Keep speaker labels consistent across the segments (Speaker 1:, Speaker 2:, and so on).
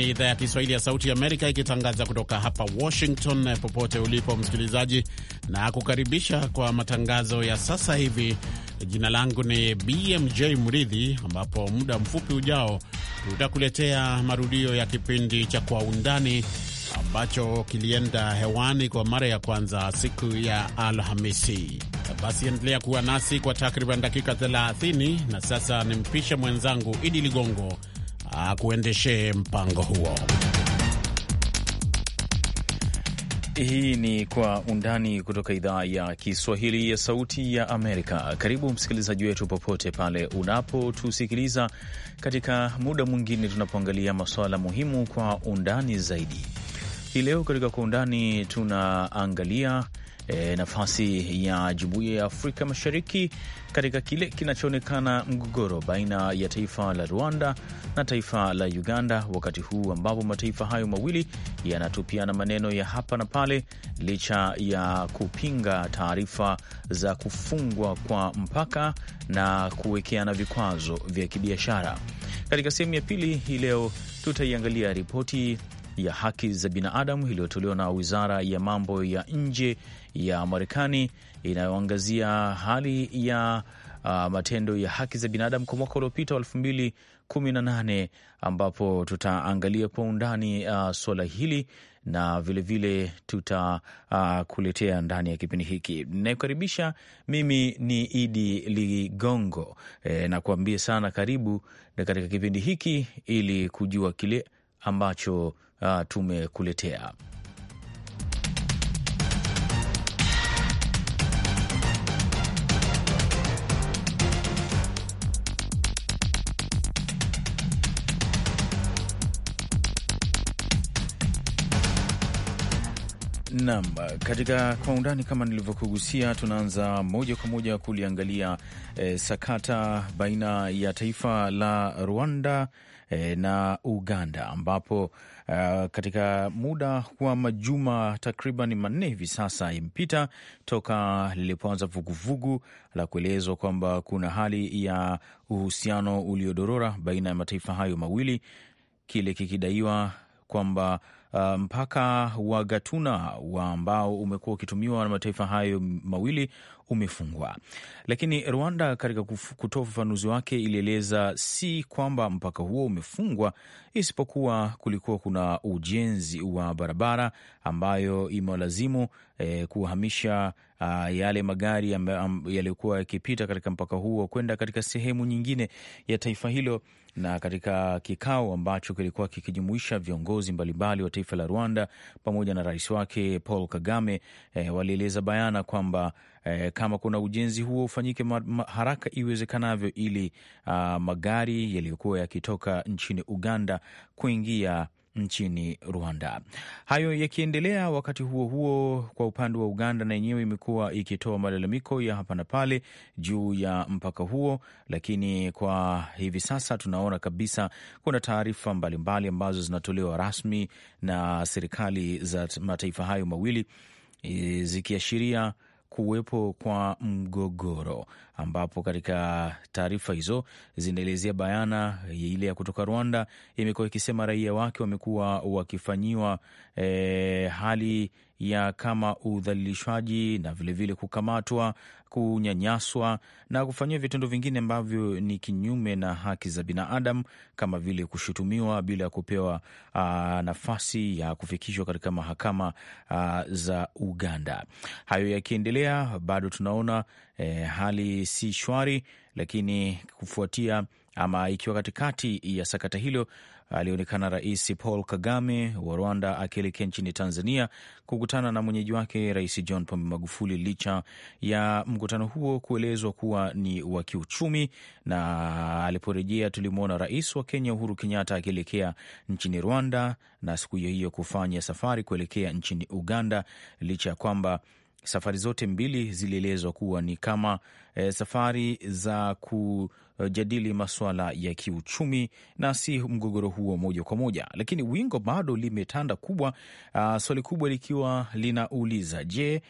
Speaker 1: ni idhaa ya Kiswahili ya Sauti ya Amerika ikitangaza kutoka hapa Washington. Popote ulipo msikilizaji, na kukaribisha kwa matangazo ya sasa hivi. Jina langu ni BMJ Mridhi, ambapo muda mfupi ujao tutakuletea marudio ya kipindi cha Kwa Undani ambacho kilienda hewani kwa mara ya kwanza siku ya Alhamisi. Basi endelea kuwa nasi kwa takriban dakika 30, na sasa nimpishe mwenzangu Idi
Speaker 2: Ligongo akuendeshee mpango huo. Hii ni Kwa Undani kutoka idhaa ya Kiswahili ya Sauti ya Amerika. Karibu msikilizaji wetu popote pale unapotusikiliza katika muda mwingine tunapoangalia masuala muhimu kwa undani zaidi. Hii leo katika Kwa Undani tunaangalia e, nafasi ya Jumuiya ya Afrika Mashariki katika kile kinachoonekana mgogoro baina ya taifa la Rwanda na taifa la Uganda, wakati huu ambapo mataifa hayo mawili yanatupiana maneno ya hapa na pale, licha ya kupinga taarifa za kufungwa kwa mpaka na kuwekeana vikwazo vya kibiashara. Katika sehemu ya pili hii leo tutaiangalia ripoti ya haki za binadamu iliyotolewa na Wizara ya Mambo ya Nje ya Marekani inayoangazia hali ya uh, matendo ya haki za binadamu kwa mwaka uliopita wa elfu mbili kumi na nane ambapo tutaangalia kwa undani uh, suala hili na vilevile tutakuletea uh, ndani ya kipindi hiki. Ninakukaribisha, mimi ni Idi Ligongo e, nakuambia sana karibu katika kipindi hiki ili kujua kile ambacho uh, tumekuletea. Naam, katika kwa undani kama nilivyokugusia, tunaanza moja kwa moja kuliangalia e, sakata baina ya taifa la Rwanda e, na Uganda ambapo Uh, katika muda wa majuma takriban manne hivi sasa imepita toka lilipoanza vuguvugu la kuelezwa kwamba kuna hali ya uhusiano uliodorora baina ya mataifa hayo mawili, kile kikidaiwa kwamba Uh, mpaka wa Gatuna wa ambao umekuwa ukitumiwa na mataifa hayo mawili umefungwa. Lakini Rwanda katika kutoa ufafanuzi wake ilieleza si kwamba mpaka huo umefungwa, isipokuwa kulikuwa kuna ujenzi wa barabara ambayo imewalazimu eh, kuhamisha uh, yale magari yaliyokuwa yakipita katika mpaka huo kwenda katika sehemu nyingine ya taifa hilo. Na katika kikao ambacho kilikuwa kikijumuisha viongozi mbalimbali wa taifa la Rwanda pamoja na rais wake Paul Kagame, eh, walieleza bayana kwamba eh, kama kuna ujenzi huo ufanyike haraka iwezekanavyo, ili uh, magari yaliyokuwa yakitoka nchini Uganda kuingia nchini Rwanda. Hayo yakiendelea, wakati huo huo, kwa upande wa Uganda na yenyewe imekuwa ikitoa malalamiko ya hapa na pale juu ya mpaka huo, lakini kwa hivi sasa tunaona kabisa kuna taarifa mbalimbali ambazo zinatolewa rasmi na serikali za mataifa hayo mawili eh, zikiashiria kuwepo kwa mgogoro, ambapo katika taarifa hizo zinaelezea bayana ile ya kutoka Rwanda imekuwa ikisema raia wake wamekuwa wakifanyiwa e, hali ya kama udhalilishwaji na vilevile kukamatwa, kunyanyaswa na kufanyiwa vitendo vingine ambavyo ni kinyume na haki za binadamu kama vile kushutumiwa bila ya kupewa aa, ah, nafasi ya kufikishwa katika mahakama aa, ah, za Uganda. Hayo yakiendelea, bado tunaona e, hali si shwari, lakini kufuatia ama ikiwa katikati ya sakata hilo alionekana Rais Paul Kagame wa Rwanda akielekea nchini Tanzania kukutana na mwenyeji wake Rais John Pombe Magufuli, licha ya mkutano huo kuelezwa kuwa ni wa kiuchumi. Na aliporejea, tulimwona Rais wa Kenya Uhuru Kenyatta akielekea nchini Rwanda na siku hiyo hiyo kufanya safari kuelekea nchini Uganda, licha ya kwamba Safari zote mbili zilielezwa kuwa ni kama e, safari za kujadili masuala ya kiuchumi na si mgogoro huo moja kwa moja, lakini wingo bado limetanda kubwa, ah, swali kubwa likiwa linauliza je,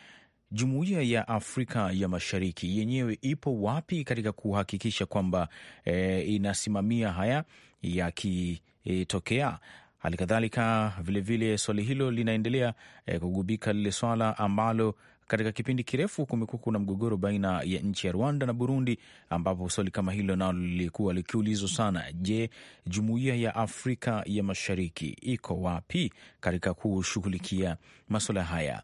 Speaker 2: Jumuiya ya Afrika ya Mashariki yenyewe ipo wapi katika kuhakikisha kwamba e, inasimamia haya yakitokea? Hali kadhalika vilevile, swali hilo linaendelea e, kugubika lile swala ambalo katika kipindi kirefu kumekuwa kuna mgogoro baina ya nchi ya Rwanda na Burundi, ambapo swali kama hilo nalo lilikuwa likiulizwa sana. Je, jumuiya ya Afrika ya Mashariki iko wapi katika kushughulikia maswala haya?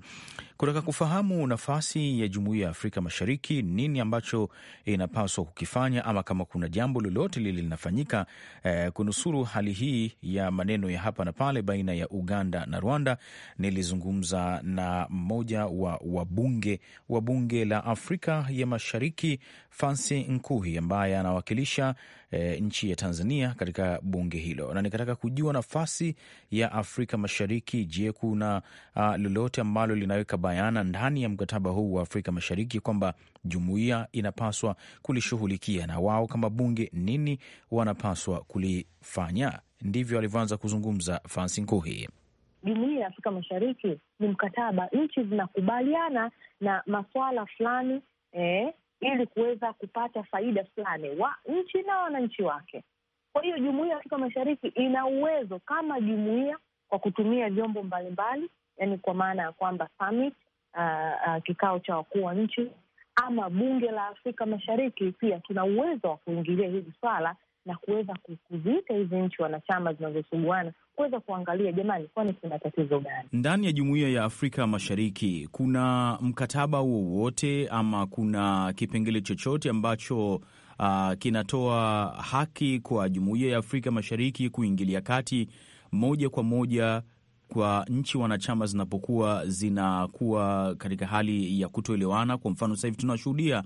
Speaker 2: kutaka kufahamu nafasi ya Jumuiya ya Afrika Mashariki, nini ambacho inapaswa kukifanya, ama kama kuna jambo lolote lile linafanyika eh, kunusuru hali hii ya maneno ya hapa na pale baina ya Uganda na Rwanda. Nilizungumza na mmoja wa wabunge wa bunge la Afrika ya Mashariki, Fansi Nkuhi, ambaye anawakilisha e, nchi ya Tanzania katika bunge hilo, na nikataka kujua nafasi ya Afrika Mashariki. Je, kuna a, lolote ambalo linaweka bayana ndani ya mkataba huu wa Afrika Mashariki kwamba jumuiya inapaswa kulishughulikia na wao kama bunge nini wanapaswa kulifanya? Ndivyo alivyoanza kuzungumza Fansi Nkuhi.
Speaker 3: Jumuiya ya Afrika Mashariki ni mkataba, nchi zinakubaliana na maswala fulani eh, ili kuweza kupata faida fulani wa nchi na wananchi wake. Kwa hiyo jumuia ya Afrika Mashariki ina uwezo kama jumuia kwa kutumia vyombo mbalimbali, yani kwa maana ya kwamba summit, uh, uh, kikao cha wakuu wa nchi ama bunge la Afrika Mashariki, pia tuna uwezo wa kuingilia hili swala na kuweza kuzika hizi nchi wanachama zinazosuguana kuweza kuangalia, jamani, kwani kuna tatizo gani
Speaker 2: ndani ya jumuiya ya Afrika Mashariki? Kuna mkataba wowote ama kuna kipengele chochote ambacho uh, kinatoa haki kwa jumuiya ya Afrika Mashariki kuingilia kati moja kwa moja kwa nchi wanachama zinapokuwa zinakuwa katika hali ya kutoelewana? Kwa mfano sasa hivi tunashuhudia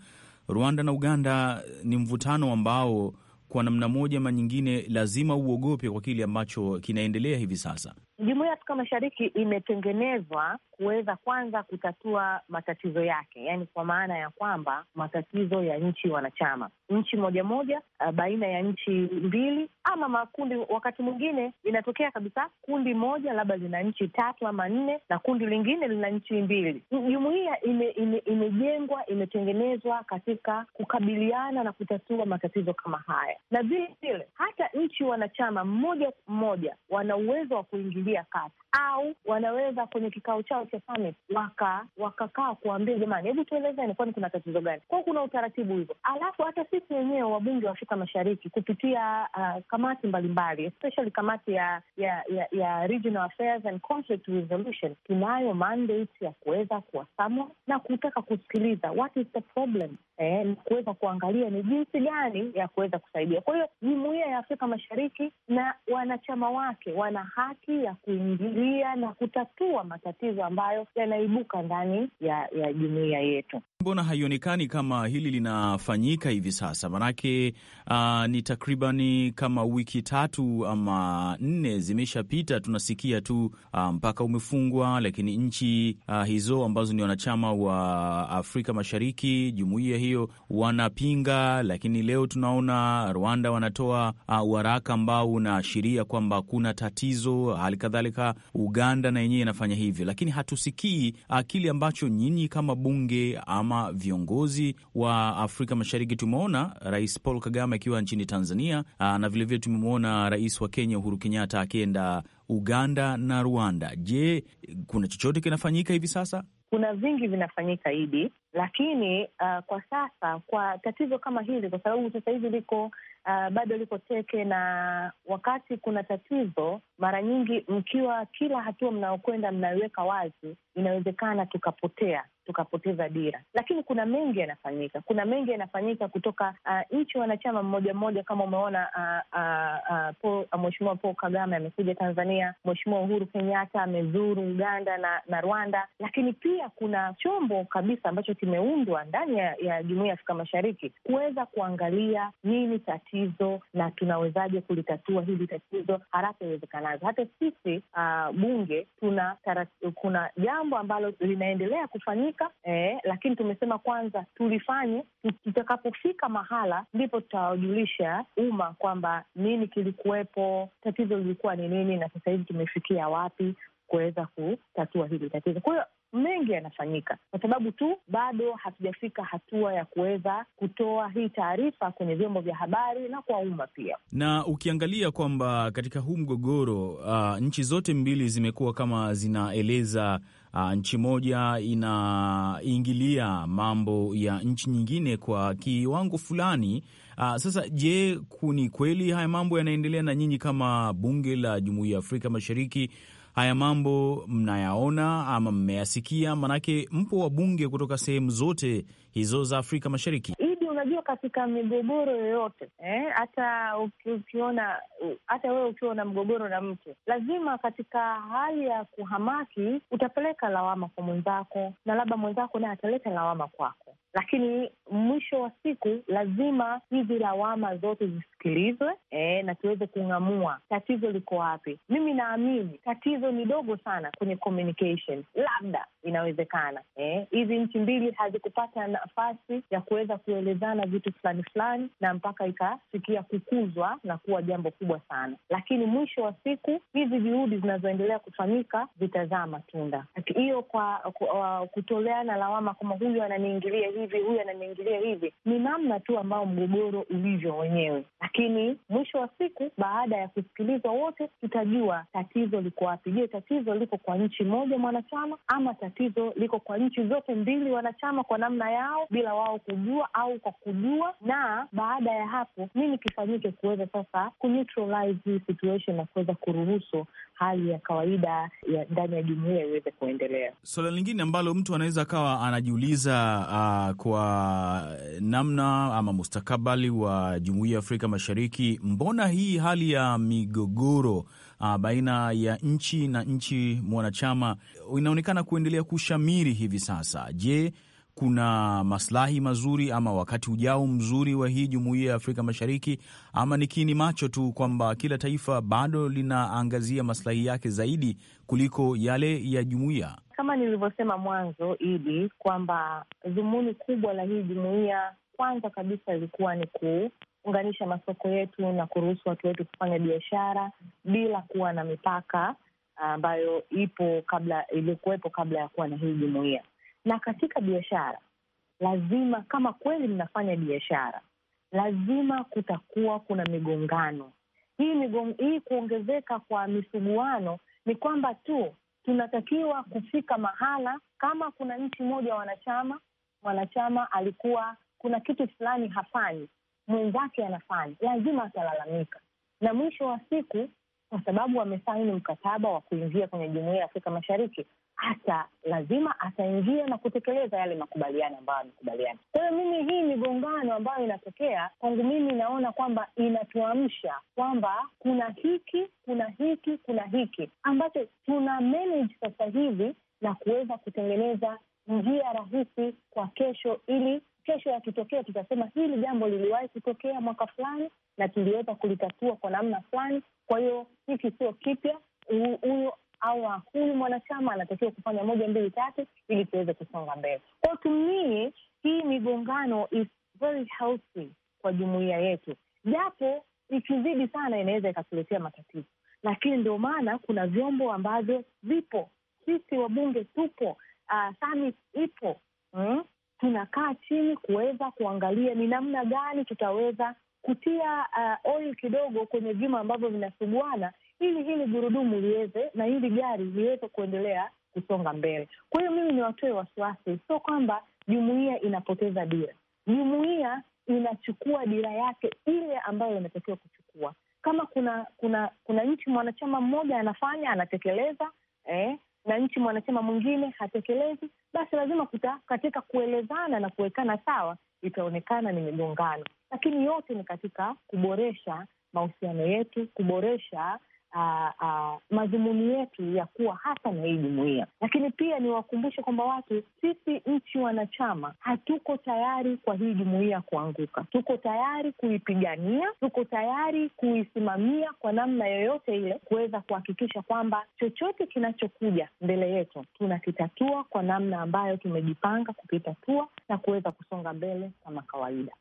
Speaker 2: Rwanda na Uganda ni mvutano ambao kwa namna moja ama nyingine lazima uogope kwa kile ambacho kinaendelea hivi sasa.
Speaker 3: Jumuiya ya Afrika Mashariki imetengenezwa kuweza kwanza kutatua matatizo yake, yaani kwa maana ya kwamba matatizo ya nchi wanachama, nchi moja moja, eh, baina ya nchi mbili ama makundi. Wakati mwingine inatokea kabisa kundi moja labda lina nchi tatu ama nne na kundi lingine lina nchi mbili. Jumuiya imejengwa ime, ime imetengenezwa katika kukabiliana na kutatua matatizo kama haya, na vile vile hata nchi wanachama mmoja mmoja wana uwezo wa kuingilia kuingilia kati, au wanaweza kwenye kikao chao cha summit waka wakakaa kuambia, jamani, hebu tuelezeni, kwani kuna tatizo gani? Kwao kuna utaratibu hivyo. Alafu hata sisi wenyewe wabunge wa Afrika Mashariki kupitia uh, kamati mbalimbali especially kamati ya ya, ya ya Regional Affairs and Conflict Resolution tunayo mandate ya kuweza kuwasama na kutaka kusikiliza what is the problem eh, na kuweza kuangalia ni jinsi gani ya kuweza kusaidia. Kwa hiyo jumuiya ya Afrika Mashariki na wanachama wake wana haki ya kuingilia na kutatua matatizo ambayo yanaibuka ndani ya, ya jumuiya yetu.
Speaker 2: Mbona haionekani kama hili linafanyika hivi sasa? Manake uh, ni takribani kama wiki tatu ama nne zimeshapita, tunasikia tu ah, mpaka umefungwa, lakini nchi uh, hizo ambazo ni wanachama wa Afrika Mashariki, jumuiya hiyo wanapinga, lakini leo tunaona Rwanda wanatoa waraka uh, ambao unaashiria kwamba kuna tatizo hali kadhalika Uganda na yenyewe inafanya hivyo, lakini hatusikii ah, kile ambacho nyinyi kama bunge ama viongozi wa Afrika Mashariki. Tumeona Rais Paul Kagame akiwa nchini Tanzania ah, na vilevile tumemwona Rais wa Kenya Uhuru Kenyatta akienda Uganda na Rwanda. Je, kuna chochote kinafanyika hivi sasa?
Speaker 3: Kuna vingi vinafanyika Idi, lakini uh, kwa sasa kwa tatizo kama hili, kwa sababu sasa hivi liko uh, bado liko teke, na wakati kuna tatizo, mara nyingi mkiwa kila hatua mnayokwenda mnaiweka wazi, inawezekana tukapotea tukapoteza dira, lakini kuna mengi yanafanyika, kuna mengi yanafanyika kutoka uh, nchi wanachama mmoja mmoja. Kama umeona uh, uh, uh, uh Mheshimiwa Paul Kagame amekuja Tanzania, Mheshimiwa Uhuru Kenyatta amezuru Uganda na, na Rwanda, lakini pia kuna chombo kabisa ambacho kimeundwa ndani ya, ya jumuiya ya Afrika Mashariki kuweza kuangalia nini tatizo na tunawezaje kulitatua hili tatizo haraka iwezekanavyo. Hata sisi uh, bunge tuna tarat, kuna jambo ambalo linaendelea kufanyika eh, lakini tumesema kwanza tulifanye, tutakapofika mahala ndipo tutawajulisha umma kwamba nini kilikuwepo, tatizo lilikuwa ni nini, na sasa hivi tumefikia wapi kuweza kutatua hili tatizo. Kwa hiyo mengi yanafanyika, kwa sababu tu bado hatujafika hatua ya kuweza kutoa hii taarifa kwenye vyombo vya habari na kwa umma pia.
Speaker 2: Na ukiangalia kwamba katika huu mgogoro uh, nchi zote mbili zimekuwa kama zinaeleza Uh, nchi moja inaingilia mambo ya nchi nyingine kwa kiwango fulani. Uh, sasa je, kuni kweli haya mambo yanaendelea, na nyinyi kama bunge la Jumuiya ya Afrika Mashariki haya mambo mnayaona ama mmeyasikia? Maanake mpo wabunge kutoka sehemu zote hizo za Afrika Mashariki.
Speaker 3: Idi, unajua katika migogoro yoyote eh, hata eh, ukiona hata wewe ukiwa na mgogoro na mtu, lazima katika hali ya kuhamaki utapeleka lawama kwa mwenzako, na labda mwenzako naye ataleta lawama kwako lakini mwisho wa siku lazima hizi lawama zote zisikilizwe, e, na tuweze kung'amua tatizo liko wapi. Mimi naamini tatizo ni dogo sana kwenye communication, labda inawezekana eh, hizi e, nchi mbili hazikupata nafasi ya kuweza kuelezana vitu fulani fulani, na mpaka ikafikia kukuzwa na kuwa jambo kubwa sana, lakini mwisho wa siku hizi juhudi zinazoendelea kufanyika zitazaa matunda. Hiyo kwa, kwa, kwa uh, kutoleana lawama kama huyu ananiingilia hivi, huyu ananiingilia hivi. Ni namna tu ambayo mgogoro ulivyo wenyewe, lakini mwisho wa siku, baada ya kusikilizwa wote, tutajua tatizo liko wapi. Je, tatizo liko kwa nchi moja mwanachama ama tatizo liko kwa nchi zote mbili wanachama kwa namna yao, bila wao kujua au kwa kujua? Na baada ya hapo, nini kifanyike kuweza sasa ku neutralize hii situation na kuweza kuruhusu hali ya kawaida ya ndani ya jumuia iweze kuendelea.
Speaker 2: Suala lingine ambalo mtu anaweza akawa anajiuliza uh, kwa namna ama mustakabali wa jumuia ya Afrika Mashariki, mbona hii hali ya migogoro uh, baina ya nchi na nchi mwanachama inaonekana kuendelea kushamiri hivi sasa? Je, kuna maslahi mazuri ama wakati ujao mzuri wa hii jumuiya ya Afrika Mashariki, ama ni kini macho tu kwamba kila taifa bado linaangazia maslahi yake zaidi kuliko yale ya jumuiya?
Speaker 3: Kama nilivyosema mwanzo, Idi, kwamba dhumuni kubwa la hii jumuiya kwanza kabisa ilikuwa ni kuunganisha masoko yetu na kuruhusu watu wetu kufanya biashara bila kuwa na mipaka ambayo ipo kabla iliyokuwepo kabla ya kuwa na hii jumuiya. Na katika biashara lazima, kama kweli mnafanya biashara, lazima kutakuwa kuna migongano hii. Migong, hii kuongezeka kwa misuguano ni kwamba tu tunatakiwa kufika mahala, kama kuna nchi moja wanachama mwanachama alikuwa kuna kitu fulani hafanyi, mwenzake anafanya, lazima atalalamika, na mwisho wa siku, kwa sababu wamesaini mkataba wa kuingia kwenye jumuiya ya Afrika Mashariki, hata lazima ataingia na kutekeleza yale makubaliano ambayo amekubaliana. Kwa hiyo mimi, hii migongano ambayo inatokea kwangu mimi naona kwamba inatuamsha kwamba kuna hiki, kuna hiki, kuna hiki ambacho tuna manage sasa hivi na kuweza kutengeneza njia rahisi kwa kesho, ili kesho yakitokea tutasema hili jambo liliwahi kutokea mwaka fulani na tuliweza kulitatua kwa namna fulani. Kwa hiyo hiki sio kipya, huyo au huyu mwanachama anatakiwa kufanya moja mbili tatu ili tuweze kusonga mbele kwao. Tumie hii migongano is very healthy kwa jumuiya yetu, japo ikizidi sana inaweza ikatuletea matatizo, lakini ndio maana kuna vyombo ambavyo vipo. Sisi wabunge tupo, uh, summit ipo, mm? Tunakaa chini kuweza kuangalia ni namna gani tutaweza kutia uh, oil kidogo kwenye vyuma ambavyo vinasuguana, ili hili gurudumu liweze na hili gari liweze kuendelea kusonga mbele. Kwa hiyo mimi niwatoe wasiwasi, sio kwamba jumuiya inapoteza dira. Jumuiya inachukua dira yake ile ambayo inatakiwa kuchukua. Kama kuna kuna kuna nchi mwanachama mmoja anafanya anatekeleza, eh, na nchi mwanachama mwingine hatekelezi, basi lazima kuta, katika kuelezana na kuwekana sawa itaonekana ni migongano, lakini yote ni katika kuboresha mahusiano yetu, kuboresha uh, uh, madhumuni yetu ya kuwa hasa na hii jumuia. Lakini pia niwakumbushe kwamba watu, sisi nchi wanachama hatuko tayari kwa hii jumuia kuanguka. Tuko tayari kuipigania, tuko tayari kuisimamia kwa namna yoyote ile, kuweza kuhakikisha kwamba chochote kinachokuja mbele yetu tunakitatua kwa namna ambayo tumejipanga kukitatua na kuweza kusonga mbele kama kawaida.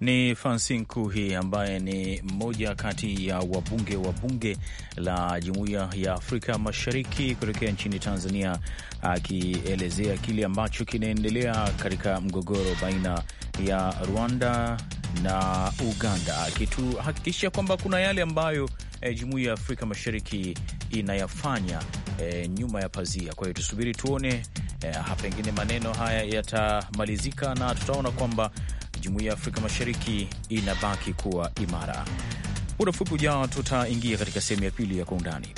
Speaker 2: Ni Francine Kuhi ambaye ni mmoja kati ya wabunge wa bunge la Jumuiya ya Afrika Mashariki kutokea nchini Tanzania, akielezea kile ambacho kinaendelea katika mgogoro baina ya Rwanda na Uganda, akituhakikisha kwamba kuna yale ambayo e, Jumuiya ya Afrika Mashariki inayafanya e, nyuma ya pazia. Kwa hiyo tusubiri tuone e, pengine maneno haya yatamalizika na tutaona kwamba jumuiya ya Afrika Mashariki inabaki kuwa imara. Muda mfupi ujao tutaingia katika sehemu ya pili ya Kwa Undani.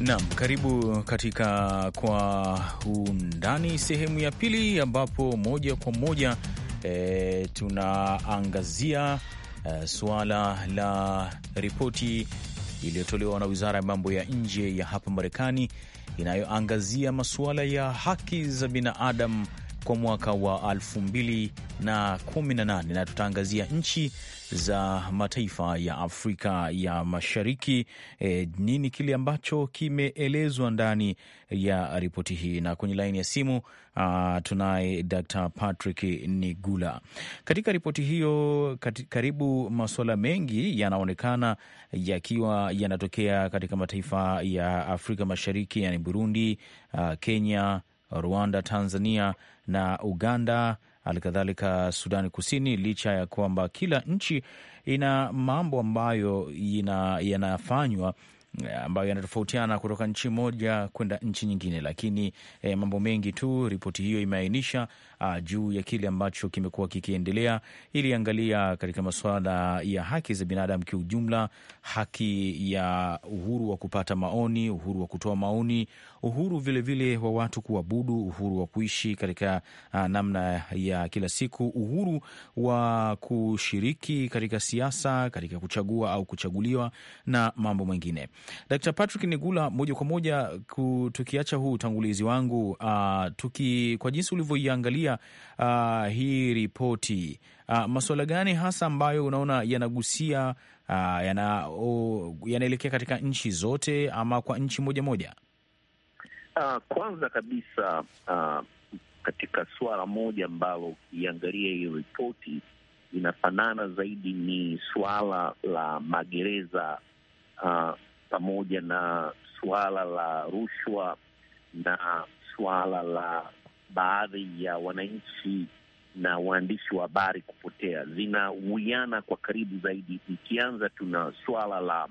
Speaker 2: nam karibu katika Kwa Undani sehemu ya pili, ambapo moja kwa moja e, tunaangazia Eh, suala la ripoti iliyotolewa na wizara ya mambo ya nje ya hapa Marekani inayoangazia masuala ya haki za binadamu kwa mwaka wa 2018 na, na tutaangazia nchi za mataifa ya Afrika ya Mashariki. E, nini kile ambacho kimeelezwa ndani ya ripoti hii? Na kwenye laini ya simu uh, tunaye Dr. Patrick Nigula. Katika ripoti hiyo kat, karibu masuala mengi yanaonekana yakiwa yanatokea katika mataifa ya Afrika Mashariki, yani Burundi, uh, Kenya Rwanda, Tanzania na Uganda, halikadhalika Sudani Kusini, licha ya kwamba kila nchi ina mambo ambayo yanafanywa ambayo yanatofautiana kutoka nchi moja kwenda nchi nyingine, lakini eh, mambo mengi tu ripoti hiyo imeainisha uh, juu ya kile ambacho kimekuwa kikiendelea. Iliangalia katika masuala ya haki za binadamu kiujumla, haki ya uhuru wa kupata maoni, uhuru wa kutoa maoni, uhuru vilevile vile wa watu kuabudu, uhuru wa kuishi katika uh, namna ya kila siku, uhuru wa kushiriki katika siasa, katika kuchagua au kuchaguliwa na mambo mengine. Dr. Patrick Nigula, moja kwa moja tukiacha huu utangulizi wangu, uh, tuki, kwa jinsi ulivyoiangalia ukiangalia uh, hii ripoti uh, masuala gani hasa ambayo unaona yanagusia uh, yanaelekea katika nchi zote ama kwa nchi moja moja?
Speaker 4: Uh, kwanza kabisa uh, katika suala moja ambalo ukiangalia hii ripoti inafanana zaidi ni suala la magereza uh, pamoja na suala la rushwa na suala la baadhi ya wananchi na waandishi wa habari kupotea zinawiana kwa karibu zaidi, ikianza tuna suala la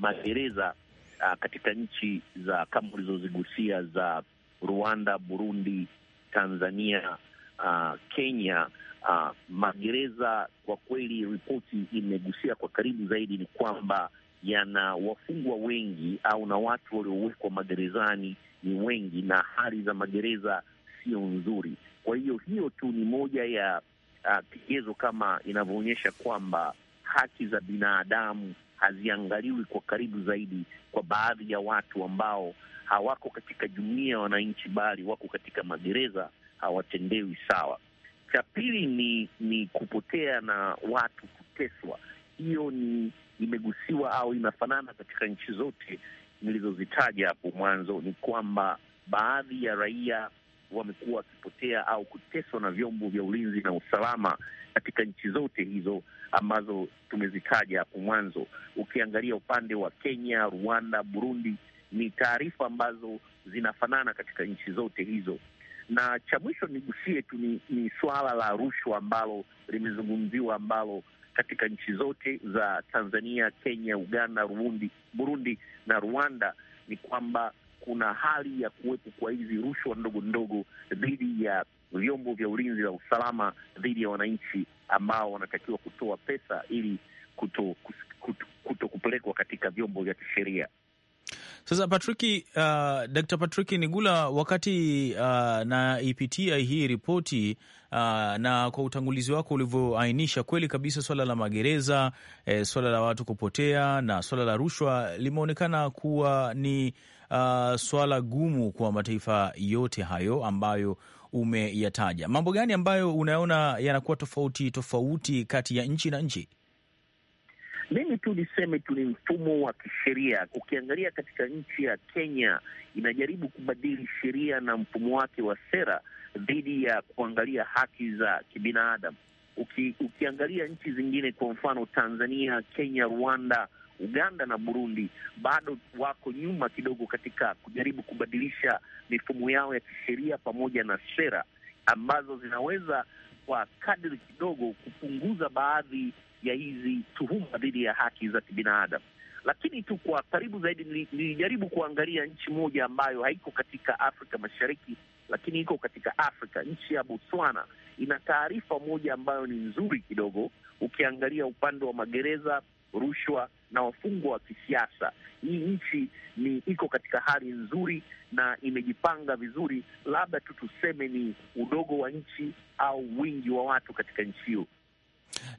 Speaker 4: magereza uh, katika nchi za kama ulizozigusia za Rwanda, Burundi, Tanzania, uh, Kenya. Uh, magereza kwa kweli, ripoti imegusia kwa karibu zaidi ni kwamba yana wafungwa wengi au na watu waliowekwa magerezani ni wengi, na hali za magereza sio nzuri. Kwa hiyo hiyo tu ni moja ya uh, kigezo uh, kama inavyoonyesha kwamba haki za binadamu haziangaliwi kwa karibu zaidi kwa baadhi ya watu ambao hawako katika jumuia ya wananchi, bali wako katika magereza, hawatendewi sawa. Cha pili ni ni kupotea na watu kuteswa. Hiyo ni imegusiwa au inafanana katika nchi zote nilizozitaja hapo mwanzo. Ni kwamba baadhi ya raia wamekuwa wakipotea au kuteswa na vyombo vya ulinzi na usalama katika nchi zote hizo ambazo tumezitaja hapo mwanzo. Ukiangalia upande wa Kenya, Rwanda, Burundi, ni taarifa ambazo zinafanana katika nchi zote hizo. Na cha mwisho nigusie tu ni, ni suala la rushwa ambalo limezungumziwa ambalo katika nchi zote za Tanzania, Kenya, Uganda, Burundi, Burundi na Rwanda ni kwamba kuna hali ya kuwepo kwa hizi rushwa ndogo ndogo dhidi ya vyombo vya ulinzi na usalama, dhidi ya wananchi ambao wanatakiwa kutoa pesa ili kuto, kuto, kuto kupelekwa katika vyombo vya kisheria.
Speaker 2: Sasa Patriki, uh, Dr. Patriki Nigula, wakati uh, naipitia e hii ripoti uh, na kwa utangulizi wako ulivyoainisha, kweli kabisa swala la magereza eh, swala la watu kupotea na swala la rushwa limeonekana kuwa ni uh, swala gumu kwa mataifa yote hayo ambayo umeyataja. Mambo gani ambayo unaona yanakuwa tofauti tofauti kati ya nchi na nchi?
Speaker 4: Mimi tu niseme tu ni mfumo wa kisheria. Ukiangalia katika nchi ya Kenya, inajaribu kubadili sheria na mfumo wake wa sera dhidi ya kuangalia haki za kibinadamu. Uki, ukiangalia nchi zingine, kwa mfano Tanzania, Kenya, Rwanda Uganda na Burundi bado wako nyuma kidogo katika kujaribu kubadilisha mifumo yao ya kisheria pamoja na sera ambazo zinaweza kwa kadri kidogo kupunguza baadhi ya hizi tuhuma dhidi ya haki za kibinadamu. Lakini tu kwa karibu zaidi nilijaribu kuangalia nchi moja ambayo haiko katika Afrika Mashariki, lakini iko katika Afrika. Nchi ya Botswana ina taarifa moja ambayo ni nzuri kidogo, ukiangalia upande wa magereza rushwa na wafungwa wa kisiasa. Hii nchi ni iko katika hali nzuri na imejipanga vizuri, labda tu tuseme ni udogo wa nchi au wingi wa watu katika nchi hiyo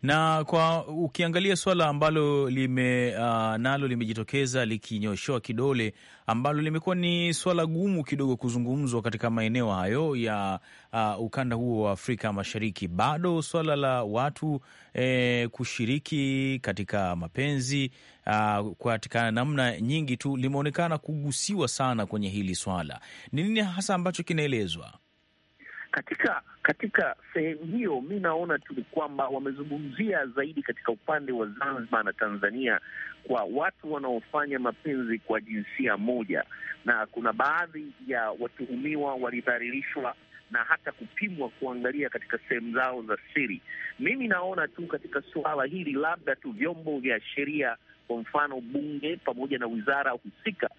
Speaker 2: na kwa ukiangalia suala ambalo lime uh, nalo limejitokeza likinyoshewa kidole ambalo limekuwa ni suala gumu kidogo kuzungumzwa katika maeneo hayo ya uh, ukanda huo wa Afrika Mashariki, bado suala la watu eh, kushiriki katika mapenzi uh, katika namna nyingi tu limeonekana kugusiwa sana kwenye hili swala. Ni nini hasa ambacho kinaelezwa?
Speaker 4: katika katika sehemu hiyo, mi naona tu ni kwamba wamezungumzia zaidi katika upande wa Zanzibar na Tanzania kwa watu wanaofanya mapenzi kwa jinsia moja, na kuna baadhi ya watuhumiwa walidhalilishwa na hata kupimwa kuangalia katika sehemu zao za siri. Mimi naona tu katika suala hili labda tu vyombo vya sheria kwa mfano bunge pamoja na wizara husika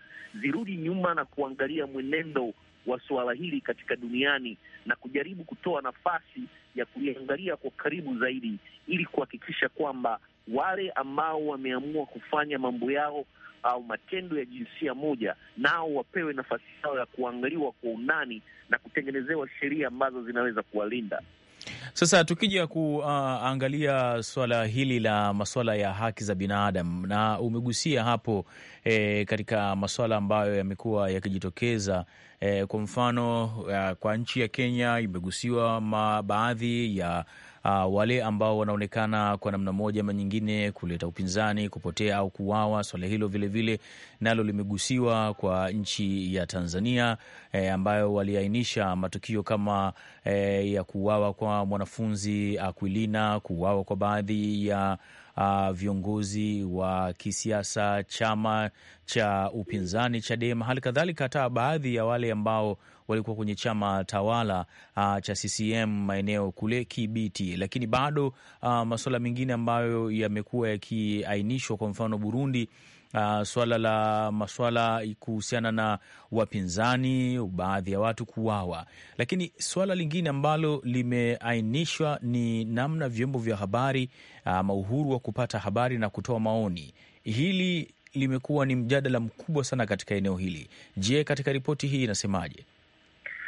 Speaker 4: zirudi nyuma na kuangalia mwenendo wa suala hili katika duniani na kujaribu kutoa nafasi ya kuliangalia kwa karibu zaidi ili kuhakikisha kwamba wale ambao wameamua kufanya mambo yao au matendo ya jinsia moja nao wapewe nafasi yao ya kuangaliwa kwa undani na kutengenezewa sheria ambazo zinaweza kuwalinda.
Speaker 2: Sasa tukija kuangalia swala hili la masuala ya haki za binadamu, na umegusia hapo eh, katika masuala ambayo yamekuwa yakijitokeza E, kwa mfano kwa nchi ya Kenya imegusiwa baadhi ya Uh, wale ambao wanaonekana kwa namna moja ama nyingine kuleta upinzani, kupotea au kuuawa. Swala hilo vilevile nalo limegusiwa kwa nchi ya Tanzania eh, ambayo waliainisha matukio kama eh, ya kuuawa kwa mwanafunzi Aquilina, ah, kuuawa kwa baadhi ya uh, viongozi wa kisiasa, chama cha upinzani Chadema, hali kadhalika hata baadhi ya wale ambao walikuwa kwenye chama tawala uh, cha CCM maeneo kule Kibiti, lakini bado uh, masuala mengine ambayo yamekuwa yakiainishwa, kwa mfano Burundi uh, swala la maswala kuhusiana na wapinzani, baadhi ya watu kuwawa lakini swala lingine ambalo limeainishwa ni namna vyombo vya habari ama uh, uhuru wa kupata habari na kutoa maoni. Hili limekuwa ni mjadala mkubwa sana katika eneo hili. Je, katika ripoti hii inasemaje?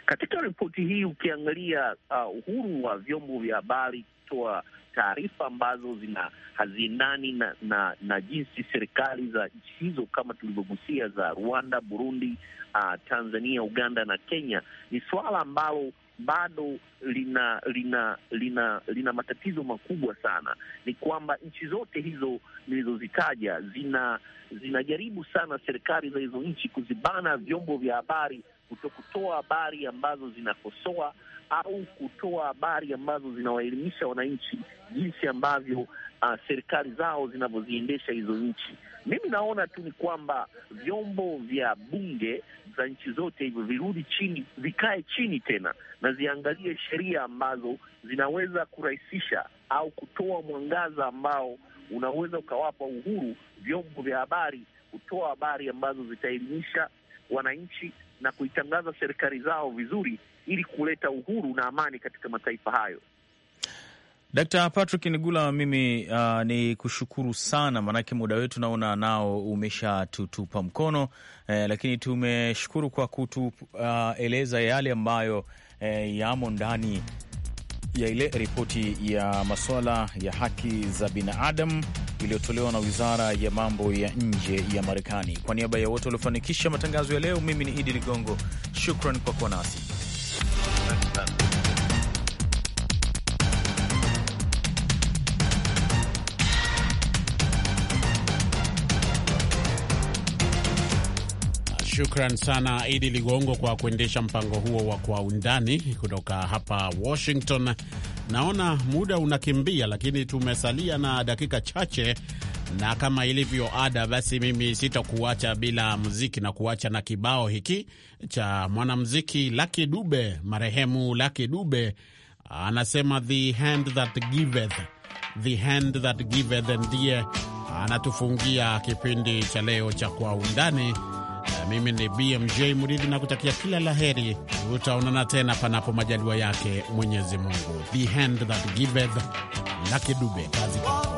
Speaker 4: Katika ripoti hii ukiangalia uh, uhuru wa vyombo vya habari kutoa taarifa ambazo zina haziendani na, na na jinsi serikali za nchi hizo kama tulivyogusia za Rwanda, Burundi, uh, Tanzania, Uganda na Kenya ni suala ambalo bado lina lina lina lina matatizo makubwa sana. Ni kwamba nchi zote hizo nilizozitaja zina zinajaribu sana serikali za hizo nchi kuzibana vyombo vya habari kuto kutoa habari ambazo zinakosoa au kutoa habari ambazo zinawaelimisha wananchi jinsi ambavyo uh, serikali zao zinavyoziendesha hizo nchi. Mimi naona tu ni kwamba vyombo vya bunge za nchi zote hivyo virudi chini, vikae chini tena na ziangalie sheria ambazo zinaweza kurahisisha au kutoa mwangaza ambao unaweza ukawapa uhuru vyombo vya habari kutoa habari ambazo zitaelimisha wananchi na kuitangaza serikali zao vizuri ili kuleta uhuru na amani katika mataifa hayo.
Speaker 2: Dkt. Patrick Nigula, mimi uh, ni kushukuru sana maanake muda wetu naona nao umeshatutupa mkono eh, lakini tumeshukuru kwa kutueleza uh, yale ambayo eh, yamo ndani ya ile ripoti ya masuala ya haki za binadamu iliyotolewa na wizara ya mambo ya nje ya Marekani. Kwa niaba ya wote waliofanikisha matangazo ya leo, mimi ni Idi Ligongo, shukran kwa kuwa nasi.
Speaker 1: Shukran sana Idi Ligongo kwa kuendesha mpango huo wa Kwa Undani kutoka hapa Washington. Naona muda unakimbia, lakini tumesalia na dakika chache, na kama ilivyo ada, basi mimi sitakuacha bila muziki na kuacha na kibao hiki cha mwanamuziki Lucky Dube, marehemu Lucky Dube anasema the hand that giveth, the hand that giveth, ndiye anatufungia kipindi cha leo cha Kwa Undani. Mimi ni BMJ Muridhi na kutakia kila la heri. Utaonana tena panapo majaliwa yake Mwenyezi Mungu. The hand that giveth, Lucky Dube, kazi kwako.